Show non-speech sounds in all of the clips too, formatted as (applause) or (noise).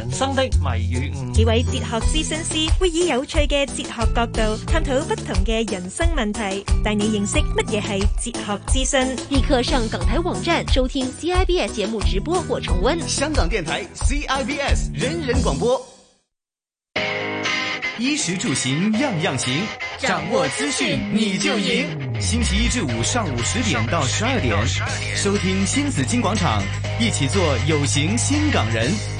人生的謎語幾位哲學諮詢師會以有趣嘅哲學角度探討不同嘅人生問題，帶你認識乜嘢係哲學諮詢。立刻上港台網站收聽 CIBS 節目直播或重溫。香港電台 CIBS 人人廣播，衣食住行樣樣行，掌握資訊你就贏。星期一至五上午十點到十二點，點，點，收聽新紫荊廣場，一起做有型新港人。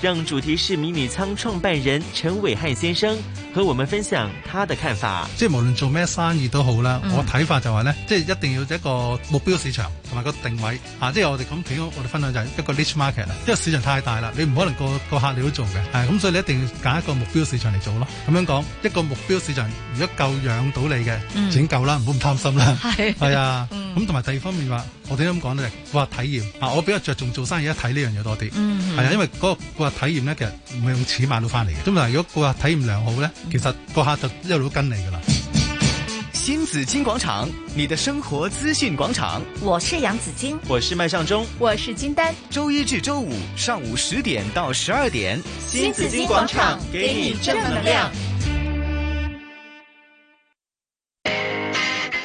讓主題是迷你倉創辦人陳偉漢先生和我們分享他的看法。即係無論做咩生意都好啦、嗯，我睇法就話咧，即係一定要一個目標市場同埋個定位啊！即係我哋咁，啊、我哋分享就係一個 niche market 因為市場太大啦，你唔可能個個客你都做嘅，係、啊、咁所以你一定要揀一個目標市場嚟做咯。咁樣講，一個目標市場如果夠養到你嘅，整、嗯、夠啦，唔好咁貪心啦。係 (laughs) 係啊，咁同埋第二方面話，我哋咁講咧，話體驗啊，我比較着重做生意一睇呢樣嘢多啲。嗯，係啊，因為嗰、那個。體驗咧，其實唔係用錢買到翻嚟嘅。咁嗱，如果個客體驗良好咧，其實個、嗯、客就一路都跟你噶啦。新紫荊廣場，你的生活資訊廣場，我是楊紫晶，我是麥尚忠，我是金丹，周一至周五上午十點到十二點，新紫荊廣場，給你正能量。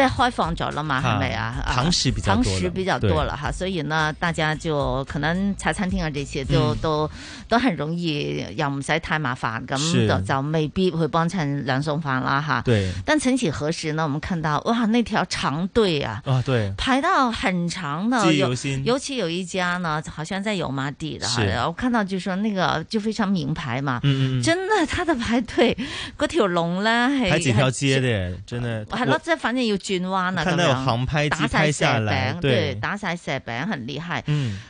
再開放咗了嘛，係咪啊？堂食比較堂食比較多了哈、啊，所以呢，大家就可能茶餐廳啊這些，就嗯、都都都很容易又唔使太麻煩。咁，就就未必會幫襯兩餸飯啦哈。對，但曾幾何時呢？我們看到哇，那條長隊啊，啊、哦、對，排到很長的有，尤其有一家呢，好像在油麻地的是，哈。我看到就是說那個就非常名牌嘛，嗯，嗯真的他的排隊嗰條龍咧係排幾條街的，真的係咯，即係反正有。轉彎啊咁樣，打晒蛇餅，對，打晒蛇餅很厲害。嗯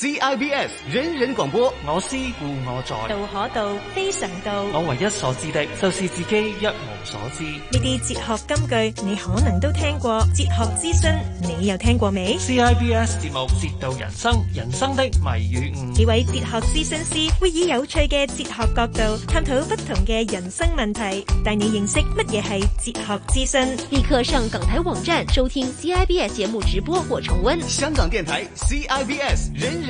CIBS 人人廣播，我思故我在，道可道非常道。我唯一所知的，就是自己一無所知。呢啲哲學金句，你可能都聽過。哲學諮詢，你又聽過未？CIBS 節目哲道人生，人生的謎語。五幾位哲學諮詢師會以有趣嘅哲學角度探討不同嘅人生問題，帶你認識乜嘢係哲學諮詢。立刻上港台網站收聽 CIBS 節目直播或重溫。香港電台 CIBS 人人。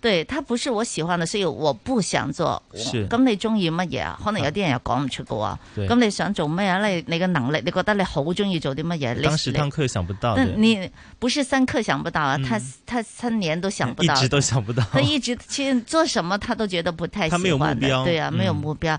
對，他不是我喜歡的，所以我不想做。咁你中意乜嘢？可能有啲人又講唔出噶。咁你想做咩啊？你你嘅能力，你覺得你好中意做啲乜嘢？你當時當刻想不到。但你不是三刻想不到啊，嗯、他他三年都想不到，一直都想不到。他一直其實做什麼，他都覺得不太喜歡的。他沒有目標。對啊，嗯、沒有目標。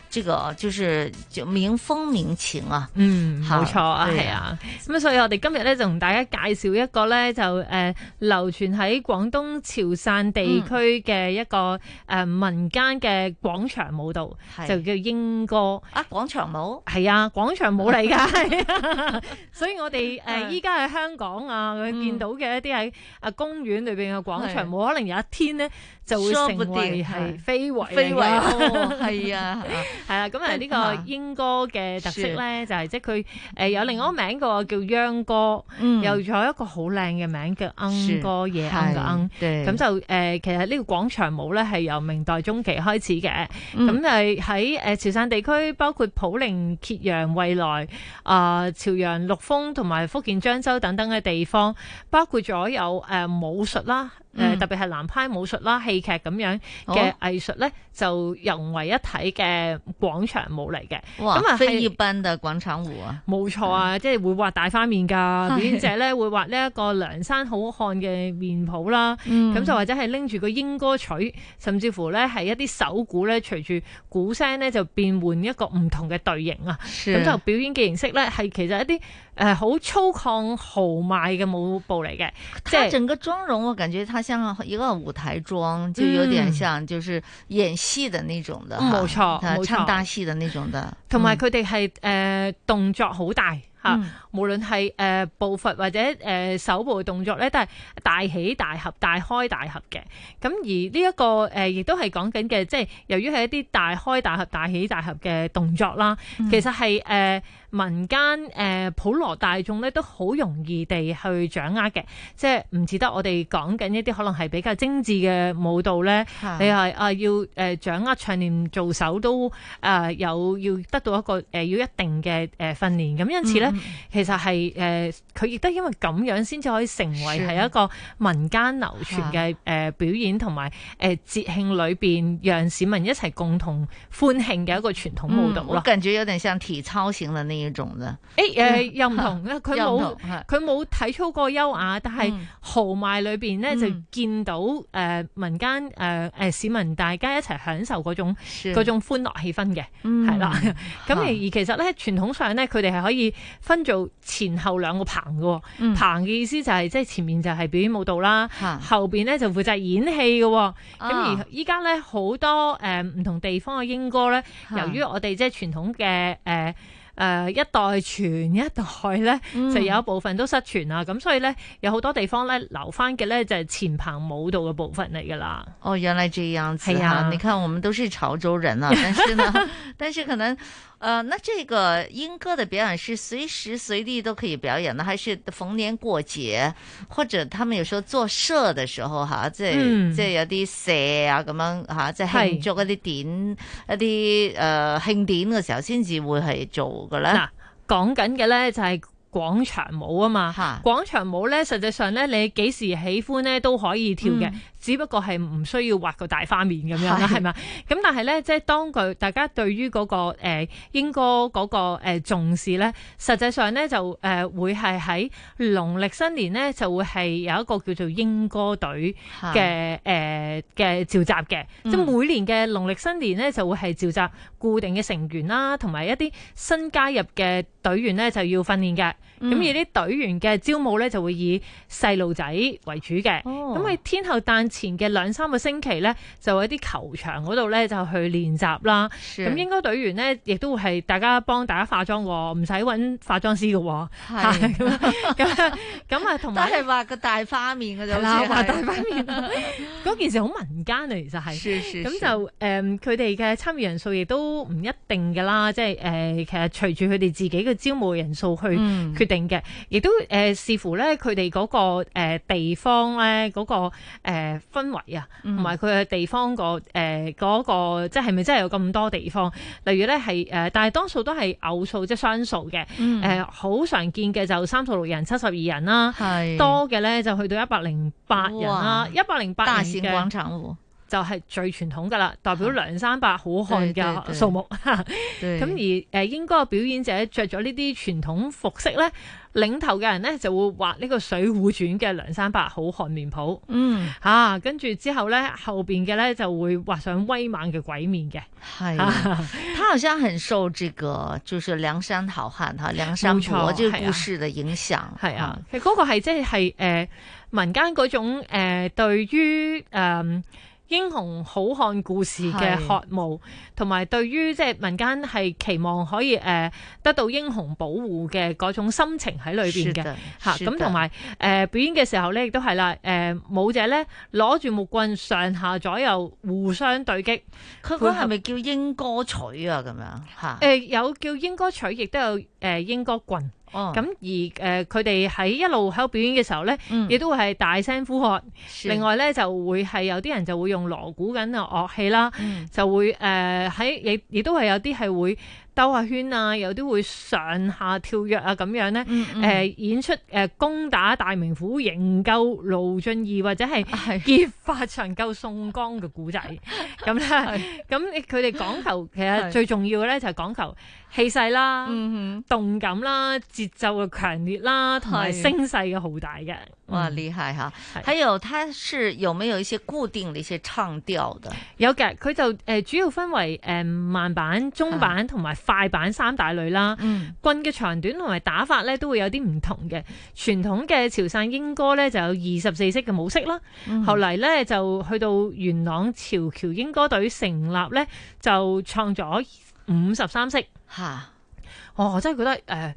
這個就是就民風民情啊，嗯，冇錯啊，係啊，咁、啊、所以我哋今日咧就同大家介紹一個咧就誒、呃、流傳喺廣東潮汕地區嘅一個誒、嗯呃、民間嘅廣場舞蹈、嗯，就叫英歌啊，廣場舞係啊，廣場舞嚟噶、 (laughs) 啊，所以我哋誒依家喺香港啊， (laughs) 佢見到嘅一啲喺啊公園裏邊嘅廣場舞，嗯、可能有一天咧就會成為係非遺非遺，係啊。 (laughs) 哦是啊是啊係啦、嗯嗯、啊咁啊呢個英歌嘅特色咧，就係即係佢誒有另外一個名個叫秧歌、嗯，又仲有一個好靚嘅名叫鶯歌夜鶯嘅鶯。咁、嗯、就誒、呃，其實呢個廣場舞咧係由明代中期開始嘅，咁、嗯、就喺、呃、潮汕地區，包括普寧、揭陽、惠來、啊、呃、潮陽、陸豐同埋福建漳州等等嘅地方，包括咗有誒、呃、武術啦。誒、嗯，特別係南派武術啦、戲劇咁樣嘅藝術咧，就融為一體嘅廣場舞嚟嘅。哇！咁啊，非遺嘅廣場舞啊，冇錯啊，嗯、即係會畫大花面噶， (laughs) 表演者咧會畫呢一個梁山好漢嘅面譜啦。咁、嗯、就或者係拎住個英歌槌，甚至乎咧係一啲手鼓咧，隨住鼓聲咧就變換一個唔同嘅隊形啊。咁就表演嘅形式咧，係其實一啲誒好粗獷豪邁嘅舞步嚟嘅。即係整個妝容，我感覺像一個舞台妝，就有點像就是演戲的那種的，冇、嗯、錯、啊，唱大戲的那種的。同埋佢哋係誒動作好大吓、嗯，無論係誒步伐或者誒、呃、手部動作咧，都係大起大合、大開大合嘅。咁而呢、這個呃就是、一個誒亦都係講緊嘅，即係由於係一啲大開大合、大起大合嘅動作啦，其實係誒。呃民間誒、呃、普羅大眾咧都好容易地去掌握嘅，即係唔似得我哋講緊一啲可能係比較精致嘅舞蹈咧，你係啊、呃、要誒掌握唱念做手都誒有、呃、要得到一個誒、呃、要一定嘅誒訓練咁，因此咧、嗯、其實係誒佢亦都因為咁樣先至可以成為係一個民間流傳嘅誒表演同埋誒節慶裏邊讓市民一齊共同歡慶嘅一個傳統舞蹈咯。近、嗯、住有陣時想提操先能力。呢種啦，誒，誒、呃、又唔同啦，佢冇佢冇體操個優雅，但係豪邁裏邊咧、嗯、就見到誒、呃、民間誒誒、呃、市民大家一齊享受嗰種那種歡樂氣氛嘅，係、嗯、啦。咁、 (laughs) 嗯、 (laughs) 而其實咧傳統上咧，佢哋係可以分做前後兩個棚嘅、哦嗯。棚嘅意思就係、是、即係前面就係表演舞蹈啦，嗯、後邊咧就負責演戲嘅、哦。咁、啊、而依家咧好多誒唔、呃、同地方嘅英歌咧、嗯，由於我哋即係傳統嘅誒。呃誒、呃、一代傳一代咧、嗯，就有一部分都失傳啦。咁所以咧，有好多地方咧留返嘅咧，就係、是、前棚舞蹈嘅部分嚟㗎啦。哦，原來這樣子、啊。係啊，你看，我們都是潮州人啊， (laughs) 但是呢。 (laughs) 但是可能，呃，那這個英歌的表演是隨時隨地都可以表演的，呢還是逢年過節或者他們有時候做社的時候，吓、啊就是嗯，即係即係有啲社啊咁樣，吓、啊，即係做一啲典一啲，誒、呃，慶典嘅時候先至會係做嘅咧。嗱，講緊嘅咧就係廣場舞啊嘛，廣場舞咧實際上咧你幾時喜歡咧都可以跳嘅。嗯。只不過係唔需要畫個大花面咁樣啦，係咪？咁 (laughs) 但係咧，即係當佢大家對於嗰個英歌嗰個重視咧，實際上咧就誒會係喺農曆新年咧就會係有一個叫做英歌隊嘅誒嘅召集嘅，即係每年嘅農曆新年咧就會係召集固定嘅成員啦，同埋一啲新加入嘅隊員咧就要訓練嘅。咁、嗯、而啲隊員嘅招募咧就會以細路仔為主嘅。咁、哦、喺天后誕前嘅兩三個星期咧，就喺啲球場嗰度咧就去練習啦。咁應該隊員咧亦都會係大家幫大家化妝、喔，唔使搵化妝師嘅、喔。係咁啊，咁啊，同埋都係畫個大花面嘅、啊、啫。係畫大花面嗰 (laughs) 件事好民間啊，其實係。咁就佢哋嘅參與人數亦都唔一定㗎啦。即、就、係、是呃、其實隨住佢哋自己嘅招募人數去決定、嗯。定嘅，亦都誒視乎咧佢哋嗰個、呃、地方咧、那、嗰個、呃、氛圍啊，同埋佢嘅地方、那個誒嗰、呃那個即係咪真係有咁多地方？例如咧係誒，但係多數都係偶數即係雙數嘅誒，好、嗯呃、常見嘅就三十六人、七十二人啦，多嘅咧就去到一百零八人啦，一百零八人嘅、就係、是、最傳統噶啦，代表梁山伯好漢嘅數目。咁、嗯、 (laughs) 而應該表演者着咗呢啲傳統服飾咧，領頭嘅人咧就會畫呢個《水滸傳》嘅梁山伯好漢面譜。嗯，啊，跟住之後咧，後邊嘅咧就會畫上威猛嘅鬼面嘅。係、啊，他好像很受這個就是梁山好漢嚇梁山伯這故事嘅影響。係啊，其實嗰個係即係民間嗰種誒、呃、對於英雄好漢故事嘅渴慕，同埋對於即係民間係期望可以誒得到英雄保護嘅嗰種心情喺裏邊嘅吓，咁同埋誒表演嘅時候咧，亦都係啦，誒舞者咧攞住木棍上下左右互相對擊，佢佢係咪叫英歌取啊咁樣吓？誒、呃、有叫英歌取，亦都有誒英歌棍。咁、哦、而誒，佢哋喺一路喺度表演嘅時候咧，亦、嗯、都係大聲呼喝。另外咧，就會係有啲人就會用鑼鼓緊嘅樂器啦，嗯、就會誒喺亦亦都係有啲係會兜下圈啊，有啲會上下跳躍啊咁樣咧、嗯嗯呃。演出、呃、攻打大名府、營救盧俊義或者係劫法場救宋江嘅故仔。咁、啊、咧，咁佢哋講求其實最重要嘅咧就係講求。氣勢啦、嗯哼，動感啦，節奏嘅強烈啦，同埋聲勢嘅浩大嘅，哇，厲、嗯、害吓、啊！喺度，它是有沒有一些固定嘅一些唱調嘅？有嘅，佢就誒、呃、主要分為誒、呃、慢板、中板同埋快板三大類啦。嗯、棍嘅長短同埋打法咧都會有啲唔同嘅。傳統嘅潮汕英歌咧就有二十四式嘅模式啦。嗯、後嚟咧就去到元朗潮僑英歌隊成立咧就創咗。五十三色，吓，哦，我真係覺得誒。呃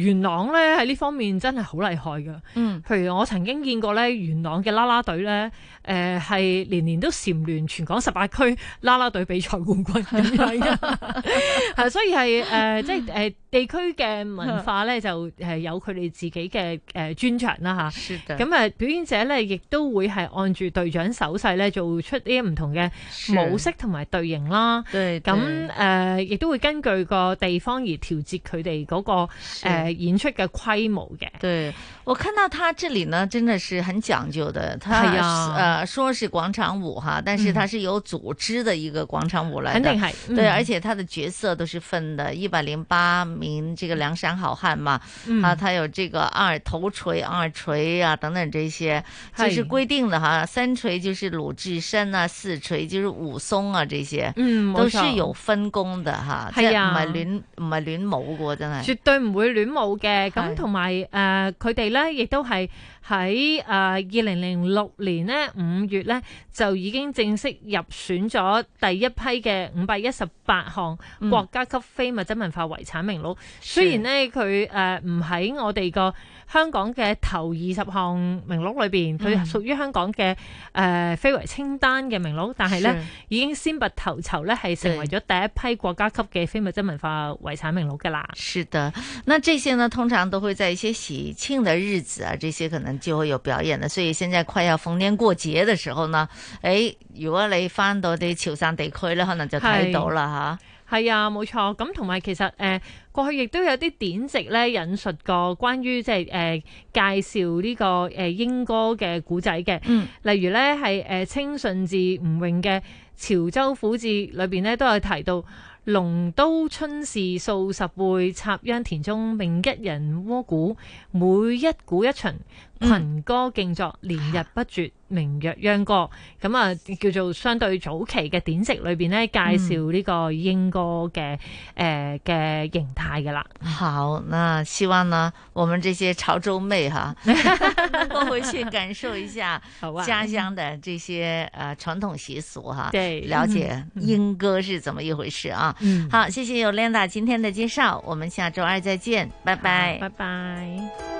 元朗咧，喺呢在這方面真係好厲害㗎，嗯，譬如我曾經見過咧，元朗嘅啦啦隊咧，誒係年年都蟬聯全港十八區啦啦隊比賽冠軍咁樣㗎， (laughs) (laughs) 所以係誒、呃、即係誒、呃、 (laughs) 地區嘅文化咧就誒有佢哋自己嘅誒專長啦嚇，咁、呃、誒、呃、表演者咧亦都會係按住隊長手勢咧做出啲唔同嘅模式同埋隊形啦，咁誒亦都會根據個地方而調節佢哋嗰個演出嘅規模嘅。對。我看到他這裏呢，真的是很講究的。他、啊、呃說是廣場舞哈，但是他是有組織的一個廣場舞來的。嗯、對肯定是、嗯，而且他的角色都是分的，一百零八名這個梁山好漢嘛、嗯、啊，他有這個二頭錘、二錘啊等等這些，就是規定的哈、啊。三錘就是魯智深啊，四錘就是武松啊這些，嗯，都是有分工的哈。係啊，唔係亂唔係亂舞嘅真的，絕對唔會亂舞的。咁同埋呃，佢哋呢。咧，亦都係。喺誒，二零零六年呢，五月呢，就已經正式入選咗第一批嘅五百一十八項國家級非物質文化遺產名錄，嗯。雖然呢，佢誒唔喺我哋個香港嘅頭二十項名錄裏邊，佢屬於香港嘅，呃、非遺清單嘅名錄，但係呢是，已經先拔頭籌咧，係成為咗第一批國家級嘅非物質文化遺產名錄噶啦。是的，那這些呢，通常都會在一些喜慶的日子啊，這些可能。就會有表演啦，所以現在快要逢年過節的時候呢，誒、哎，如果你返到啲潮汕地區咧，可能就睇到啦吓。係啊，冇、啊、錯。咁同埋其實誒、呃，過去亦都有啲典籍咧引述過關於即係誒介紹呢、這個誒、呃、英歌嘅古仔嘅，嗯，例如咧係誒清順治吳穎嘅潮州府志裏邊咧都有提到，龍都春事數十輩插秧田中，命一人撾鼓，每一鼓一巡。群歌競作，連日不絕，名曰秧歌。咁啊，啊，叫做相對早期嘅典籍裏邊呢，介紹呢個英歌嘅誒嘅形態嘅啦。好，那希望呢，我們這些潮州妹哈、啊，都 (laughs) 回去感受一下家鄉的這些傳、 (laughs) 啊啊嗯啊、統習俗哈、啊，對，了解英歌是怎麼一回事啊。嗯，好，謝謝有 Linda 今天的介紹，我們下周二再見，拜拜，拜拜。